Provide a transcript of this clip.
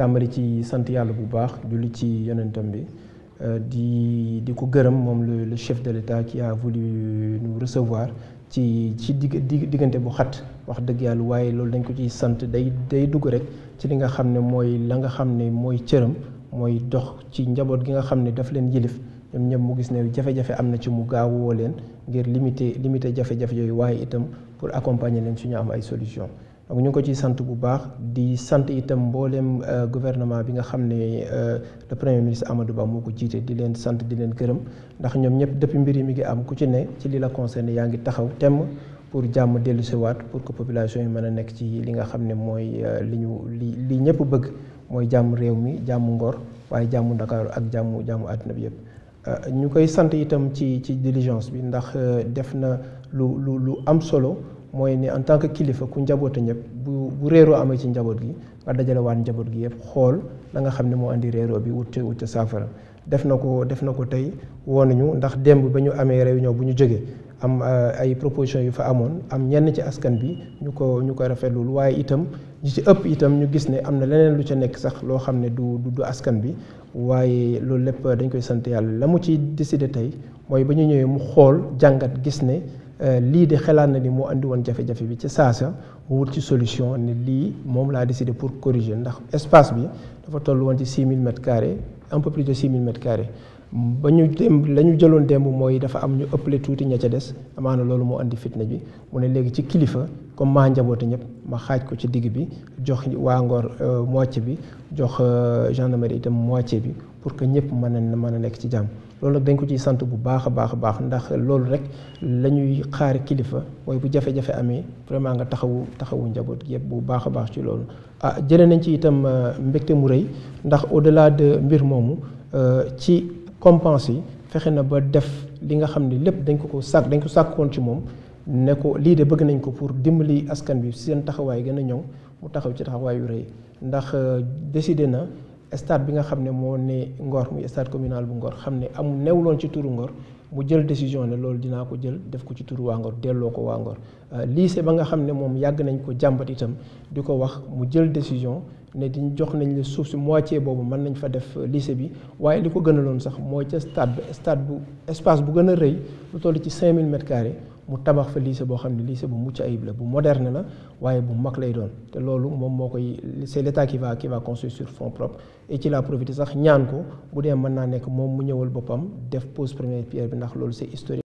tàmbali ci sant yàlla bu baax julli ci yonentam bi euh, di di ko gërëm moom lu chef de l'État qui a voulu nous recevoir ci ci diggante bu xat wax dëgg yàlla waaye loolu dañ ko ci sant day day dugg rek ci li nga xam ne mooy la nga xam ne mooy cëram mooy dox ci njaboot gi nga xam ne daf leen yilif ñoom ñëpp mu gis ne jafe-jafe am na ci mu gaaw woo leen ngir limiter limiter jafe-jafe yooyu waaye itam pour accompagner leen suñu am ay solution donc ñu ngi ko ciy sant bu baax di sant itam mbooleem euh, gouvernement bi nga xam ne euh, le premier ministre Amadou Ba moo ko jiite di leen sant di leen këram ndax ñoom ñëpp depuis mbir yi mi ngi am ku ci ne ci li la concerné yaa ngi taxaw temm pour jàmm dellu si pour que population yi mën a nekk ci li nga xam ne mooy euh, li ñu li li ñëpp bëgg mooy jàmm réew mi jàmm ngor waaye jàmm Ndakaaru ak jàmm jàmm àddina bi yëpp. ñu koy sant itam ci ci diligence bi ndax def na lu lu lu am solo. mooy ne en tant que kilifa ku njabootu ñëpp bu bu réeroo amee ci njaboot gi nga dajale waat njaboot gi yëpp xool la nga xam ne moo indi réeroo bi wut wut saafara def na ko def na ko tey woonuñu ndax démb ba ñu amee réunion bu ñu jógee am euh, ay proposition yu fa amoon am ñenn ci askan bi ñu ko ñu ko rafetlul waaye itam ñu ci ëpp itam ñu gis ne am na leneen lu ca nekk sax loo xam ne du du askan bi waaye loolu lépp dañ koy sant yàlla la mu ci décidé tey mooy ba ñu ñëwee mu xool jàngat gis ne. Euh, lii de xelaat na ni moo indi woon jafe-jafe bi ci saa sa wut ci solution ne lii moom laa décidé pour corriger ndax espace bi dafa toll woon ci 6000 mètres carrés un peu plus de 6000 mètres carré ba ñu démb la ñu jëloon démb mooy dafa am ñu ëppale tuuti ña ca des amaana loolu moo indi fitna bi mu ne léegi ci kilifa comme maa njaboote ñëpp ma xaaj ko ci digg bi jox waa Ngor euh, moitié bi jox euh, gendarmerie itam moitié bi pour que ñëpp mën a mën a nekk ci jàmm loolu nag dañ ko ciy sant bu baax a baax a baax ndax loolu rek la ñuy xaar kilifa mooy bu jafe-jafe amee vraiment nga taxawu taxawu njaboot gi yëpp bu baax a baax ci loolu. ah jëlee nañ ci itam euh, mbégte mu rëy ndax au mbir moomu ci. compense yi fexe na ba def li nga xam ne lépp dañ ko ko sàkk dañ ko sàkkoon ci moom ne ko lii de bëgg nañ ko pour dimbali askan bi seen taxawaay gën a ñoŋ mu taxaw ci taxawaay yu rëy ndax euh, décider na stade bi nga xam ne moo ne Ngor muy stade communal bu Ngor xam ne amul newuloon ci turu Ngor mu jël décision ne loolu dinaa ko jël def ko ci turu waa delloo ko waa Ngor euh, ba nga xam ne moom yàgg nañ ko jàmbat itam di ko wax mu jël décision ne diñ jox nañ la suuf si moitié boobu mën nañ fa def euh, lycée bi waaye li ko gënaloon sax mooy ca stade stade bu espace bu gën a rëy lu toll ci 5000 mètres carrés mu tabax fa lycée boo xam ne lycée bu mucc ayib la bu moderne la waaye bu mag lay doon te loolu moom moo koy c'est l'état qui va qui va construire sur fonds propres et la profité sax ñaan ko bu dee mën naa nekk moom mu ñëwal boppam def pose première pierre bi ndax loolu c'est historique